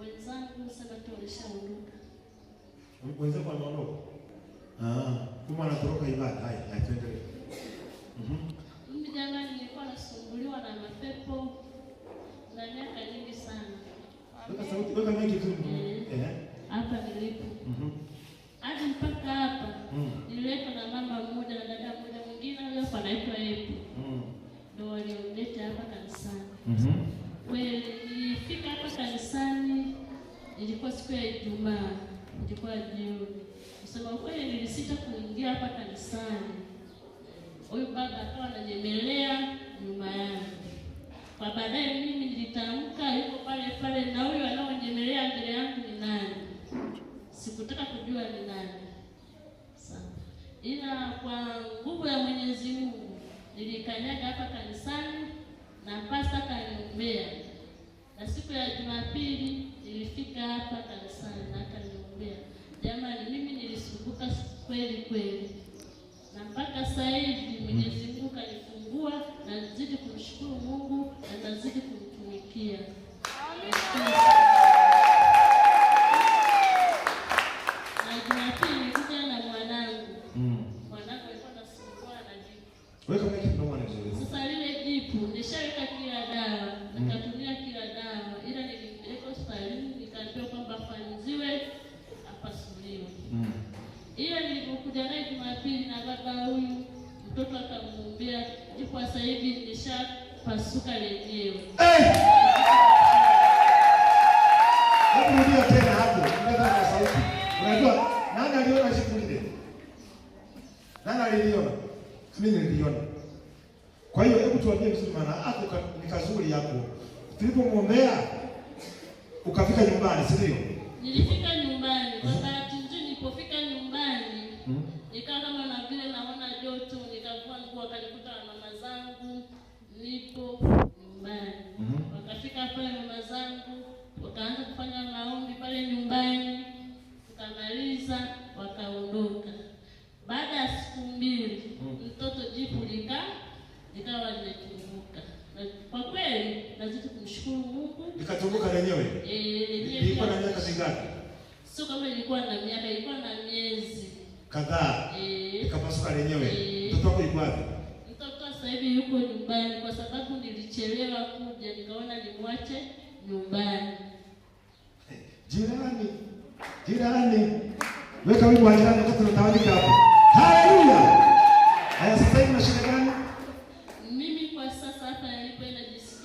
wenzangu Sabato walishaondoka. Wenzangu wanaondoka? Ah, kama anatoroka ibada. Mhm. Mimi jana nilikuwa nasumbuliwa na mapepo na miaka nyingi sana. Weka sauti, weka mic eh, eh. Hapa nilipo. Mhm. Hadi mpaka hapa. Mm. Nililetwa na mama mmoja na dada mmoja mwingine, anaitwa Epo. Mhm. Ndio walioleta hapa kanisani. Mhm. Ijumaa ilikuwa jioni, kusema kweli nilisita kuingia hapa kanisani. Huyu baba akawa anajemelea nyuma yangu, kwa baadaye mimi nilitamka yuko pale pale, na huyu anaonyemelea mbele yangu ni nani? Sikutaka kujua ni nani sana, ila kwa nguvu ya Mwenyezi Mungu nilikanyaga hapa kanisani na pasta kaniombea na siku ya nilifika hapa kanisani na akaniombea. Jamani, mimi nilisumbuka kweli kweli, na mpaka sasa hivi Mwenyezi Mungu kanifungua na nizidi kumshukuru Mungu na nazidi kumtumikia. Mm. Sasa lile jipu nishaweka kila Nilikuja naye Jumapili na baba huyu mtoto akamuombea, ndipo sasa hivi pasuka lenyewe. Eh! Rudia tena hapo, kwa sauti. niliona. Kwa hiyo hebu tuambie vizuri, maana hapo ni kazuri hapo. Tulipomwombea ukafika nyumbani, si ndio? Nilifika nyumbani. nipo nyumbani. Mm -hmm. Wakafika pale mama zangu wakaanza kufanya maombi pale nyumbani, tukamaliza wakaondoka. Baada ya siku mbili mm -hmm. mtoto jipu lika likawa limetumbuka, na kwa kweli nazidi kumshukuru Mungu, likatumbuka lenyewe. Eh, ilikuwa na miaka mingapi? Sio kama ilikuwa na miaka, ilikuwa na miezi kadhaa. Eh, ikapasuka lenyewe. Eh. Mtoto wako yuko wapi? hivi yuko nyumbani, kwa sababu nilichelewa kuja, nikaona nimwache nyumbani. Jirani, jirani, weka wimbo wa jirani, tunatawanyika hapa.